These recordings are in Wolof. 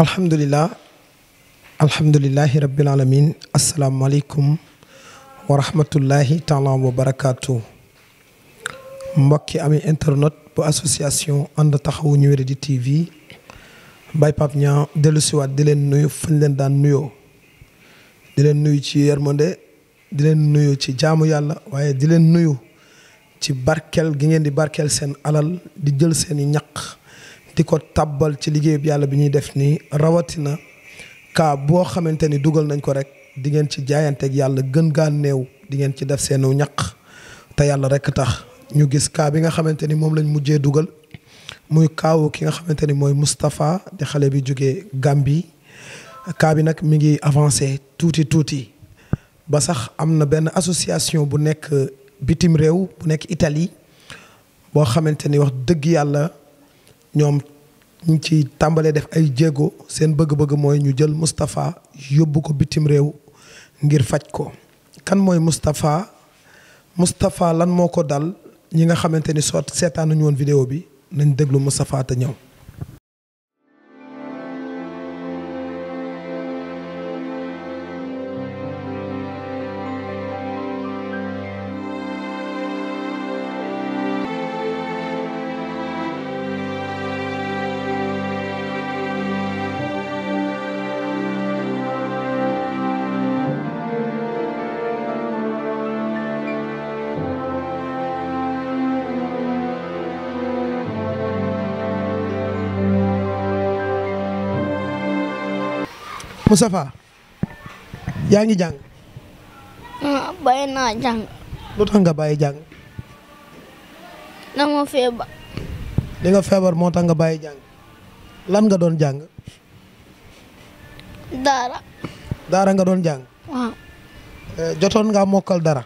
alhamdulilah alhamdulilahi rabbil alamin asalaamaaleykum wa rahmatullahi taala wa barakaatu mbokki ami internet bu association ànd taxawu ñu wéradi TV Baye Pape Niang dellusiwaat di leen nuyu fañ leen daan nuyoo di leen nuyu ci yermande di leen nuyu ci jaamu yàlla waaye di leen nuyu ci barkeel gi ngeen di barkeel seen alal di jël seeni ñaq di ko tàbbal ci liggéey bi yàlla bi ñuy def nii rawatina kaa boo xamante ni dugal nañ ko rek di ngeen ci jaayanteeg yàlla gën gaa néew di ngeen ci def seenu ñaq te yàlla rek tax ñu gis kaa bi nga xamante ni moom lañ mujjee dugal muy kaawu ki nga xamante ni mooy Moustapha di xale bi jógee Gambie kaa bi nag mi ngi avancé tuuti tuuti ba sax am na benn association bu nekk bitim réew bu nekk Italie boo xamante ni wax dëgg yàlla ñoom ñu ci tàmbalee def ay jéego seen bëgg-bëgg mooy ñu jël Moustapha yóbbu ko bitim réew ngir faj ko. kan mooy Moustapha Moustapha lan moo ko dal ñi nga xamante ni soo seetaanu ñu woon vidéo bi nañ déglu Moustapha te ñëw. mustafa yaa ngi jàng. ah bàyyi naa jàng. lu tax jàng. dama feebar. li nga feebar moo tax nga bàyyi jàng lan nga doon jàng. daara. daara nga doon jàng. Ah. Eh, jotoon nga mokkal dara.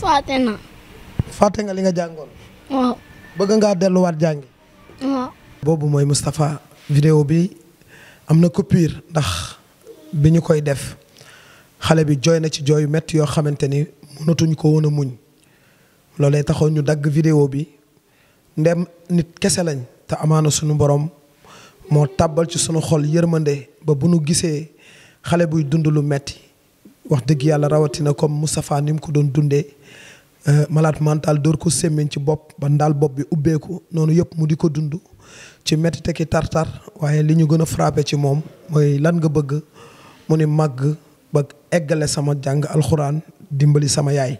fàtte na. fàtte nga li nga jàngoon. waaw. bëgg ngaa delluwaat jàng waaw. boobu mooy Moustapha vidéo bi. am na coupure ndax bi ñu koy def xale bi jooy na ci jooy metti yoo xamante ni mënatuñ ko woon a muñ loolee taxaw ñu dagg vidéo bi ndem nit kese lañ te amaana suñu borom moo tàbbal ci sunu xol yërmande ba bu nu gisee xale buy dund lu metti wax dëgg yàlla rawatina comme Moustapha ni mu ko doon dundee euh, malaat mental dóor ku sémmiñ ci bopp ba ndaal bopp bi ubbeeku noonu yëpp mu di ko dund ci métti ki tartar waaye li ñu gën a frappé ci moom mooy lan nga bëgg mu ni màgg ba eggale sama jàng alxuraan dimbali sama yaay.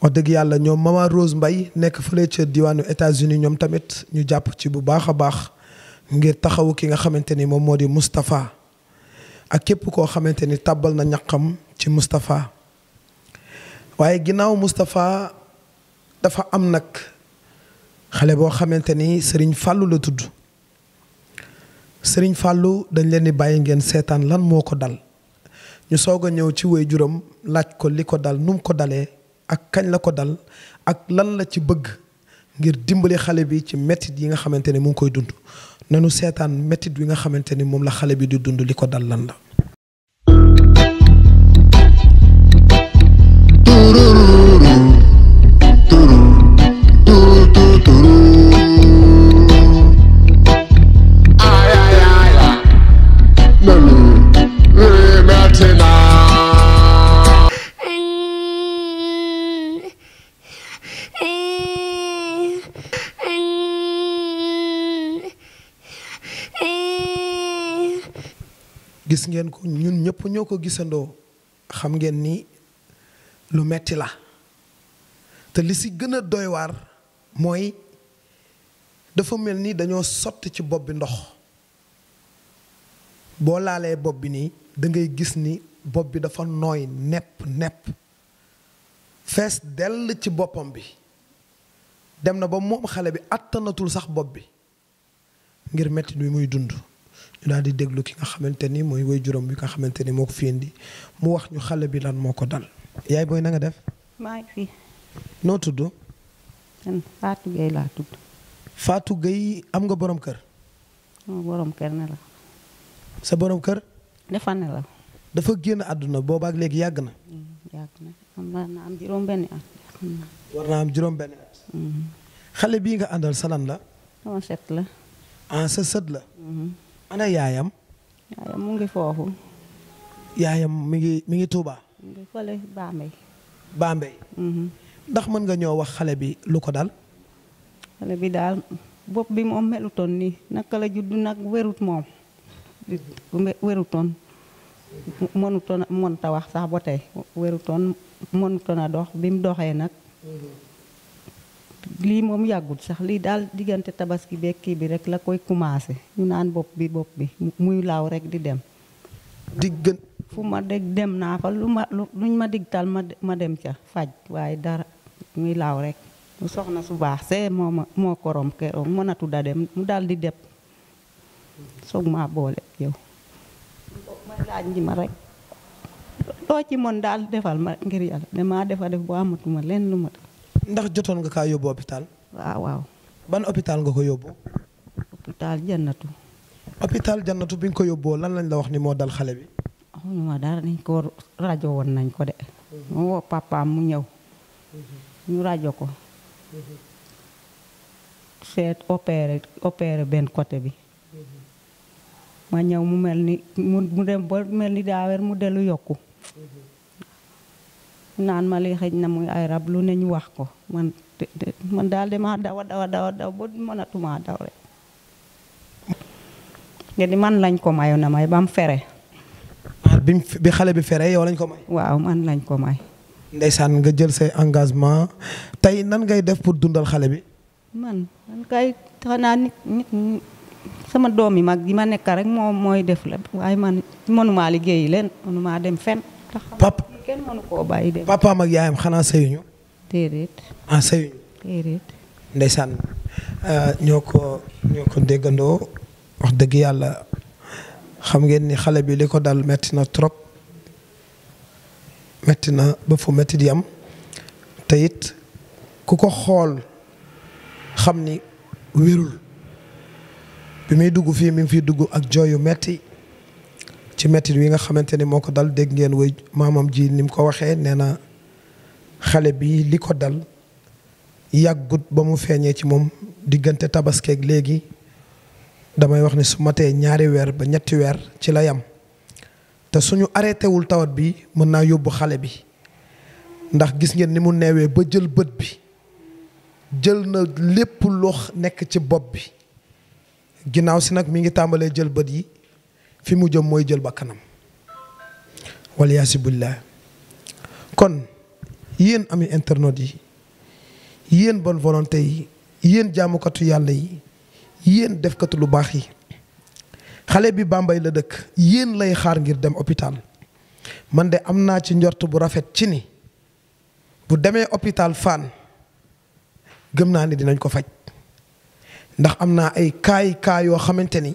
wax dëgg yàlla ñoom maman Rose mbay nekk fële ca diwaanu États-Unis ñoom tamit ñu jàpp ci bu baax a baax ngir taxawu ki nga xamante ni moom moo di Moustapha ak képp koo xamante ni tàbbal na ñaxam ci Moustapha waaye ginnaaw Moustapha dafa am nag. xale boo xamante ni sëriñ fàllu la tudd sëriñ fàllu dañ leen di bàyyi ngeen seetaan lan moo ko dal ñu soog a ñëw ci way juróom laaj ko li ko dal num ko dalee ak kañ la ko dal ak lan la ci bëgg ngir dimbali xale bi ci mettit yi nga xamante ni mu ngi koy dund nanu seetaan mettit wi nga xamante ni moom la xale bi di dund li ko dal lan la gis ngeen ko ñun ñëpp ñoo ko gisandoo xam ngeen nii lu metti la te li si gën a doy waar mooy dafa mel ni dañoo sotti ci bopp bi ndox boo laalee bopp bi nii dangay gis ni bopp bi dafa nooy nepp nepp fees dell ci boppam bi dem na ba moom xale bi àttanatul sax bopp bi ngir metti bi muy dund ñu daal di déglu ki nga xamante ni mooy woy juróom bi nga xamante ni moo ko fi indi mu wax ñu xale bi lan moo ko dal. yaay booy na nga def. maa ngi fi. noo tudd. man Fatou Gueye laa tudd. Fatou Gueye am nga borom kër. sama borom kër ne la. sa borom kër. dafa ne la. dafa génn àdduna boobaak léegi yàgg na. yàgg na war naa am juróom-benn at. war naa am juróom-benn at. xale bii nga àndal salan la. sama sët la. ah sa sët la. ana yaayam. yaayam mu ngi foofu. yaayam mi ngi mi ngi Touba. mi ngi fële Bambey. Bambey. Mhm. ndax mën nga ñoo wax xale bi lu ko dal. xale bi daal bopp bi moom melutoon nii naka la juddu nag werut moom werutoon mënutoon mënta wax sax ba tey werutoon mënutoon a dox bi mu doxee nag. Mhm. li mom yàggul sax li dal digante tabaski be ki bi rek la koy commencer ñu naan bop bi bop bi muy law rek di dem. diggan fu ma deg dem na fa lu ma luñ ma digtal ma ma dem ca faj waaye dara muy law rek. mu soxna su bax c'est moo mo korom korom mo na da dem mu dal di dep. sok ma bolé yow. ma laaj ni ma rek do ci mon dal defal ma ngir yalla dama defa def bu amatuma len lu ndax jotoon nga kaa yóbbu hôpital. waaw waaw. ban hôpital nga ko yóbbu. hôpital jannatu. hôpital jannatu bi nga ko yóbboo lan lañ la wax ni moo dal xale bi. xamuñu ma dara dañ ko rajo woon nañ ko de. mu woo mu ñëw. ñu rajo ko. seet opéré opéré benn côté bi. ma ñëw mu mel ni mu dem ba mel ni daa mu dellu yokku. naan ma li xëj na muy ay rab lu ne ñu wax ko man man daal dama dawa dawa dawa daw ba mënatuma daw rek nga di man lañ ko mayoon na may ba fere bi xale bi fere yow lañ ko may waaw man lañ ko may ndeysaan nga jël say engagement tey nan ngay def pour dundal xale bi man man kay xanaa nit sama doom yi mag yi ma nekk rek moom mooy def la waaye man mënumaa liggéeyi leen mënumaa dem fen papa kenn ak yaayam xanaa sëyuñu. déedéet. ah ndeysaan euh, ñoo ko ñoo ko déggandoo wax dëgg yàlla xam ngeen ni xale bi li ko dal metti na trop metti na ba fu metti di am te ku ko xool xam ni wérul bi muy dugg fii mu ngi fiy dugg ak jooyu metti ci métti wi nga xamante ni moo ko dal dégg ngeen way maamam ji ni mu ko waxee nee na xale bi li ko dal yàggut ba mu feeñee ci moom diggante tabaskeeg léegi damay wax ni su matee ñaari weer ba ñetti weer ci la yam te suñu arrêté wul tawat bi mën naa yóbbu xale bi ndax gis ngeen ni mu neewee ba jël bët bi jël na lépp loo nekk ci bopp bi ginnaaw si nag mi ngi tàmbalee jël bët yi fi mu jëm mooy jël bakkanam wala yaasibillah kon yéen ami internet yi yéen bonne volonté yi yéen jaamukatu yàlla yi yéen defkatu lu baax yi xale bi Bambey la dëkk yéen lay xaar ngir dem hôpital man de am naa ci njort bu rafet ci ni bu demee hôpital Fann gëm naa ni dinañ ko faj ndax am naa ay kaay kaay yoo xamante ni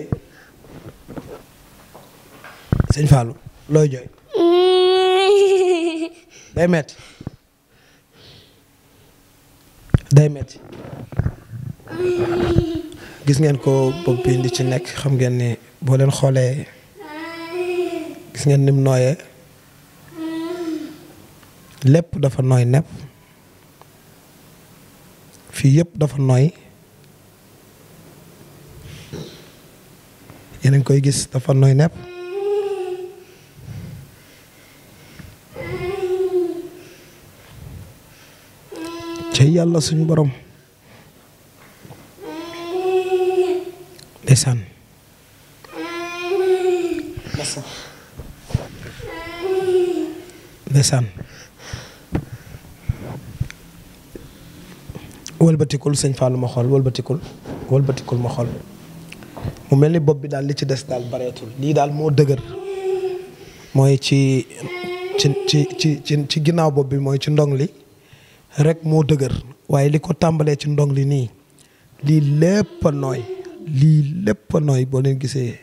sëñ Fallou looy jooy. day metti day metti gis ngeen ko bopp bi li ci nekk xam ngeen ni boo leen xoolee gis ngeen ni mu nooyee lépp dafa nooy nepp fii yëpp dafa nooy yéen a koy gis dafa nooy nepp yàlla suñu boroom ndeysaan ndeysaan wëlbatikul sëñ Fallou ma xool wëlbatikul wëlbatikul ma xool mu mel ni bopp bi daal li ci des daal bareetul lii daal moo dëgër mooy ci ci ci ci ci ginnaaw bopp bi mooy ci ndong li rekk moo dëgër waaye li ko tàmbalee ci ndong li nii lii lépp nooy lii lépp nooy boo leen gisee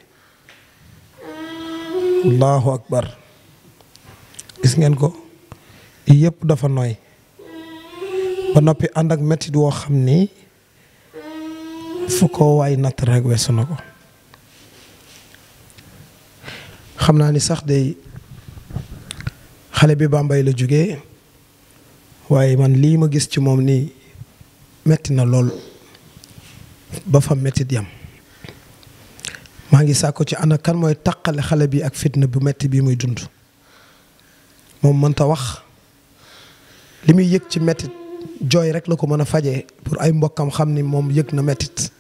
allahu akbar gis ngeen ko yépp dafa nooy ba noppi ànd ak mettit woo xam ni fu ko waay natt rek weesu na ko xam naa ni sax day xale bi mbay la jóge waaye man lii ma gis ci moom nii metti na lool ba fa mettit yam maa ngi sàkko ci ana kan mooy taqale xale bi ak fitna bu metti bii muy dund moom mënta wax li muy yëg ci mettit jooy rek la ko mën a faje pour ay mbokkam xam ni moom yëg na mettit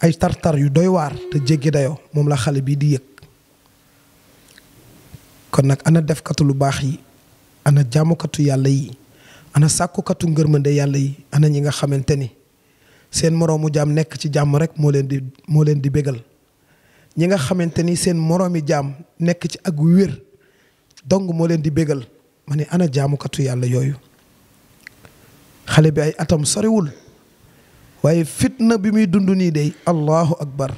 ay tartar yu doy waar te jéggi dayoo moom la xale bii di yëg kon nag ana defkatu lu baax yi ana jaamukatu yàlla yi ana sàkkukatu ngërmande yàlla yi ana ñi nga xamante ni seen moroomu jaam nekk ci jàmm rek moo leen di moo leen di bégal ñi nga xamante ni seen moroomi jaam nekk ci ak wér dong moo leen di bégal ma ne ana jaamukatu yàlla yooyu xale bi ay atam soriwul waaye fitna bi muy dund nii dey allahu akbar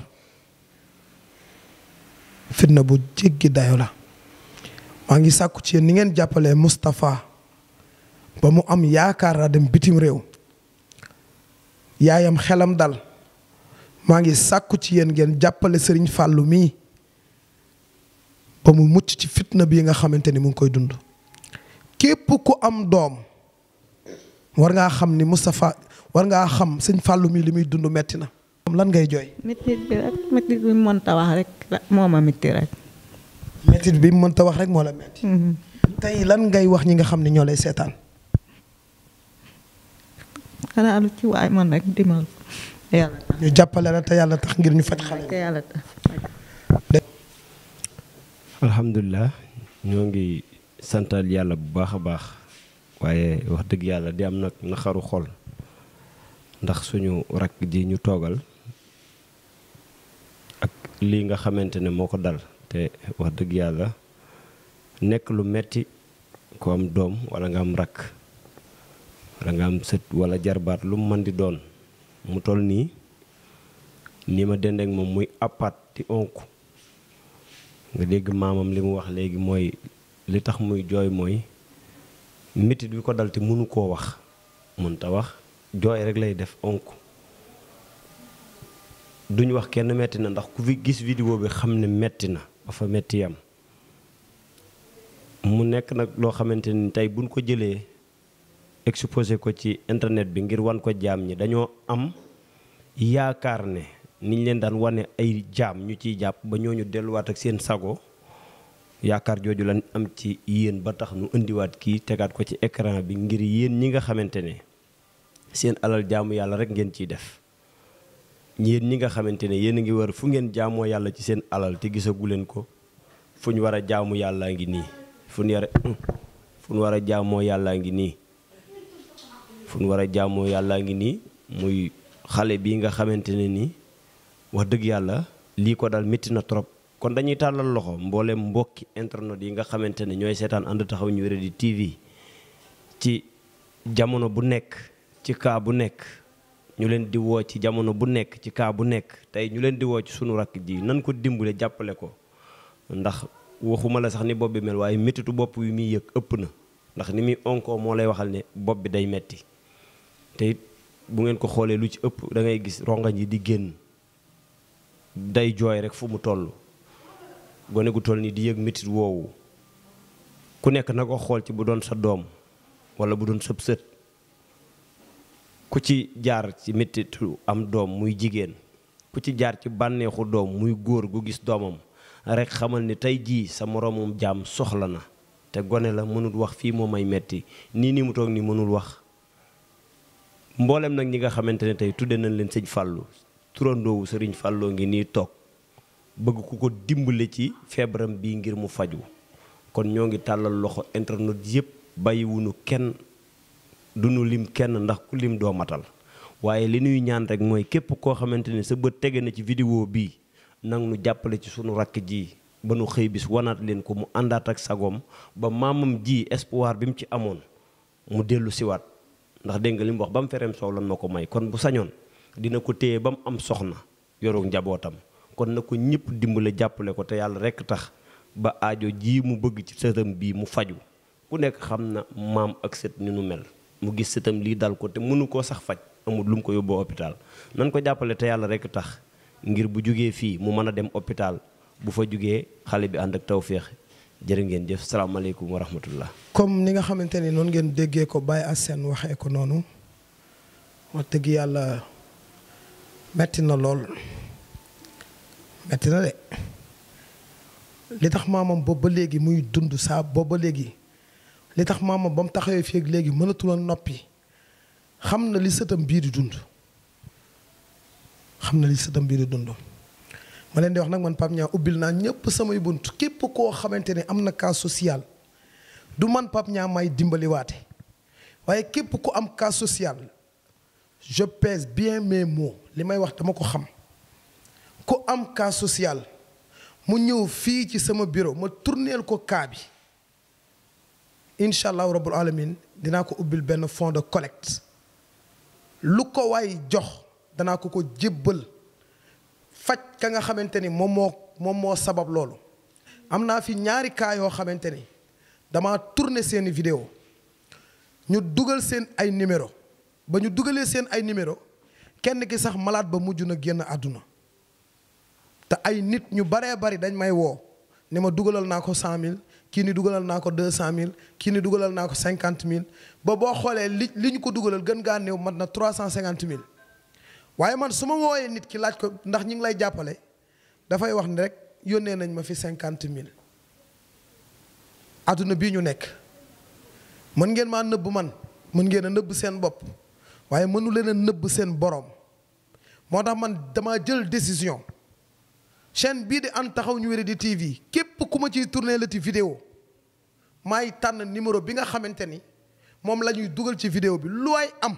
fitna bu jéggi dayo la maa ngi sàkku ci yéen ni ngeen jàppale Moustapha ba mu am yaakaar naa dem bitim réew yaayam xelam dal maa ngi sàkku ci yéen ngeen jàppale sëriñ fàllu mii ba mu mucc ci fitna bi nga xamante ni mu ngi koy dund képp ku am doom war ngaa xam ni Moustapha war ngaa xam sëñ fàll mii li muy dund metti na lan ngay jooy mettit bi rek mettit mu mënta wax rek moo ma metti rek mettit bi mu mënta wax rek moo la metti mm-hmm. tey lan ngay wax ñi nga xam ne ñoo lay seetaan xanaa lu man rek dimbal ñu jàppale te yàlla tax ngir ñu faj xale yàlla alhamdulilah ñoo ngi santal yàlla bu baax a baax waaye wax dëgg yàlla di am nag naxaru xol ndax suñu rakk ji ñu toogal ak lii nga xamante ne moo ko dal te wax dëgg yàlla nekk lu metti ku am doom wala nga am rakk rangam nga am sët wala jarbat lu man di don mu tol ni ni ma dende ak mom muy apat ti onk nga deg mamam limu wax legi moy li tax muy joy moy métit bi ko dal te mënu koo wax ta wax joy rek lay def onk duñ wax kenn metti na ndax ku fi gis video bi xamne metti na ba fa metti yam mu nek nak lo xamanteni tay buñ ko jëlee exposé ko ci internet bi ngir wan ko jaam ñi dañoo am yaakaar ne niñ leen daan wane ay jaam ñu ciy jàpp ba ñoo ñu delluwaat ak seen sago yaakaar jooju lañ am ci yéen ba tax nu indiwaat kii tegaat ko ci écran bi ngir yéen ñi nga xamante ne seen alal jaamu yàlla rek ngeen ciy def yéen ñi nga xamante ne yéen a ngi war fu ngeen jaamoo yàlla ci seen alal te gisagu leen ko fu ñu war a jaamu yàllaa ngi nii fu ñu war fu ñu war a jaamoo yàllaa ngi fu nu war a jaamoo yàllaa ngi nii muy xale bii nga xamante ne nii wax dëgg yàlla lii ko dal métti na trop kon dañuy tàllal loxo mboolem mbokki internet yi nga xamante ne ñooy seetaan ànd taxaw ñu wéradi TV ci jamono bu nekk ci kaa bu nekk ñu leen di woo ci jamono bu nekk ci kaa bu nekk tey ñu leen di woo ci sunu rakk ji nan ko dimbale jàppale ko ndax waxuma la sax ni bopp bi mel waaye méttitu bopp wi muy yëg ëpp na ndax ni muy onkoo moo lay waxal ne bopp bi day metti te bu ngeen ko xoolee lu ci ëpp da ngay gis ronga ñi di génn day jooy rek fu mu toll gone gu toll ni di yëg métit woowu ku nekk na ko xool ci bu doon sa doom wala bu doon sëb sët ku ci jaar ci am doom muy jigéen ku ci jaar ci bànneexu doom muy góor gu gis doomam rek xamal ni tey jii sa moromum jaam soxla na te gone la mënul wax fii moo may metti nii ni mu toog ni mënul wax mboolem nag ñi nga xamante ne tey tudde nañ leen sëñ Fallou turandoowu sëriñ Fallou ngi nii toog bëgg ku ko dimbale ci feebaram bi ngir mu faju kon ñoo ngi tàllal loxo internet yëpp bàyyiwunu kenn duñu lim kenn ndax ku lim doo matal waaye li nuy ñaan rek mooy képp koo xamante ne sa bët tege na ci vidéo bii nang nu jàppale ci sunu rakk ji ba nu xëy bis wanaat leen ko mu àndaat ak sagoom ba maamam ji espoir bi mu ci amoon mu dellu siwaat ndax dégg nga li mu wax ba mu fereem soow lan ma ko may kon bu sañoon dina ko téye ba mu am soxna yoru njabootam kon na ko ñëpp dimbale jàppale ko te yàlla rekk tax ba aajo ji mu bëgg ci sëtam bii mu faju ku nekk xam na maam ak sët ni nu mel mu gis sëtam lii dal ko te mënu koo sax faj amul lu mu ko yóbboo hôpital nan ko jàppale te yàlla rekk tax ngir bu jógee fii mu mën a dem hôpital bu fa jógee xale bi ànd ak tawféex jërë ngeen jëf salaamaaleykum wa comme ni nga xamante ni noonu ngeen déggee ko Baye seen waxee ko noonu wax dëgg yàlla metti na lool metti na de li tax maamam boobu léegi muy dund saa boobu ba léegi li tax maamam ba mu taxawee fii ak léegi mënatul a noppi xam na li sëtam bii di dund xam na li sëtam bii di dund ma leen di wax nag man Pape Niang ubbil naa ñëpp samay bunt képp koo xamante ne am na cas social du man Pape Niang may dimbaliwaate waaye képp ku am cas social je pèse bien mes mots li may wax dama ko xam ku am cas social mu ñëw fii ci sama bureau ma tourneel ko kaa bi incha allahu rabbul alamin dinaa ko ubbil benn fond de collecte lu ko way jox danaa ko ko jébbal faj ka nga xamante ni moom moo moom moo sabab loolu am naa fi ñaari cas yoo xamante ni dama tourner seeni vidéo ñu dugal seen ay numéro ba ñu dugalee seen ay numéro kenn ki sax malaat ba mujj na génn àdduna te ay nit ñu baree bari dañ may woo ne ma dugalal naa ko cent mille kii ni dugalal naa ko deux cent mille kii ni dugalal naa ko cinquante mille ba boo xoolee li li ñu ko dugalal gën gaa néew mat na trois cent cinquante mille waaye man su ma wooyee nit ki laaj ko ndax ñi ngi lay jàppale dafay wax ni rek yónnee nañ ma fi cinquante mille adduna bii ñu nekk mën ngeen maa nëbb man mën ngeen a nëbb seen bopp waaye mënu leen a nëbb seen borom moo tax man dama jël décision chaîne bii di Hann Taxaw ñu Wéradi TV képp ku ma ciy tourné la ti vidéo maay tànn numéro bi nga xamante ni moom lañuy dugal ci vidéo bi lu waay am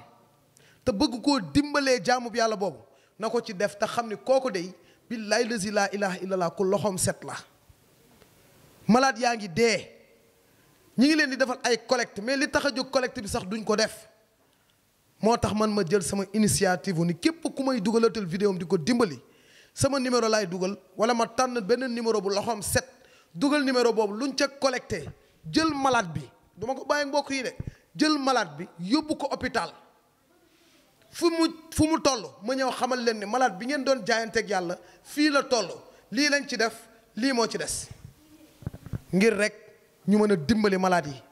te bëgg koo dimbalee jaamub yàlla boobu na ko ci def te xam ni kooku dey billaay lazi laa ilaha illallah ku loxoom set la malaat yaa ngi dee ñi ngi leen di defal ay collecte mais li tax a jóg collecte bi sax duñ ko def moo tax man ma jël sama initiative ni képp ku may dugalatal vidéom di ko dimbali sama numéro laay dugal wala ma tànn benn numéro bu loxoom set dugal numéro boobu luñ ca collecté jël malaat bi duma ko bàyyi mbokk yi de jël malade bi yóbbu ko hôpital fu mu fu mu toll ma ñëw xamal leen ne malaat bi ngeen doon jaayanteeg yàlla fii la toll lii lañ ci def lii moo ci des ngir rek ñu mën a dimbali malade yi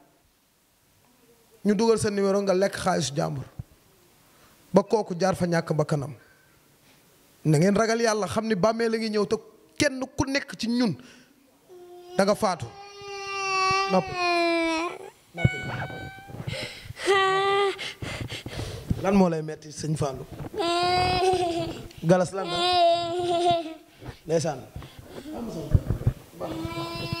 ñu dugal sa numéro nga lekk xaalisu jàmbur ba kooku jaar fa ñàkk bakkanam na ngeen ragal yàlla xam ni bàmmee la ngi ñëw te kenn ku nekk ci ñun danga faatu lan moo lay metti sëñ Fallou galas lan la ndeysaan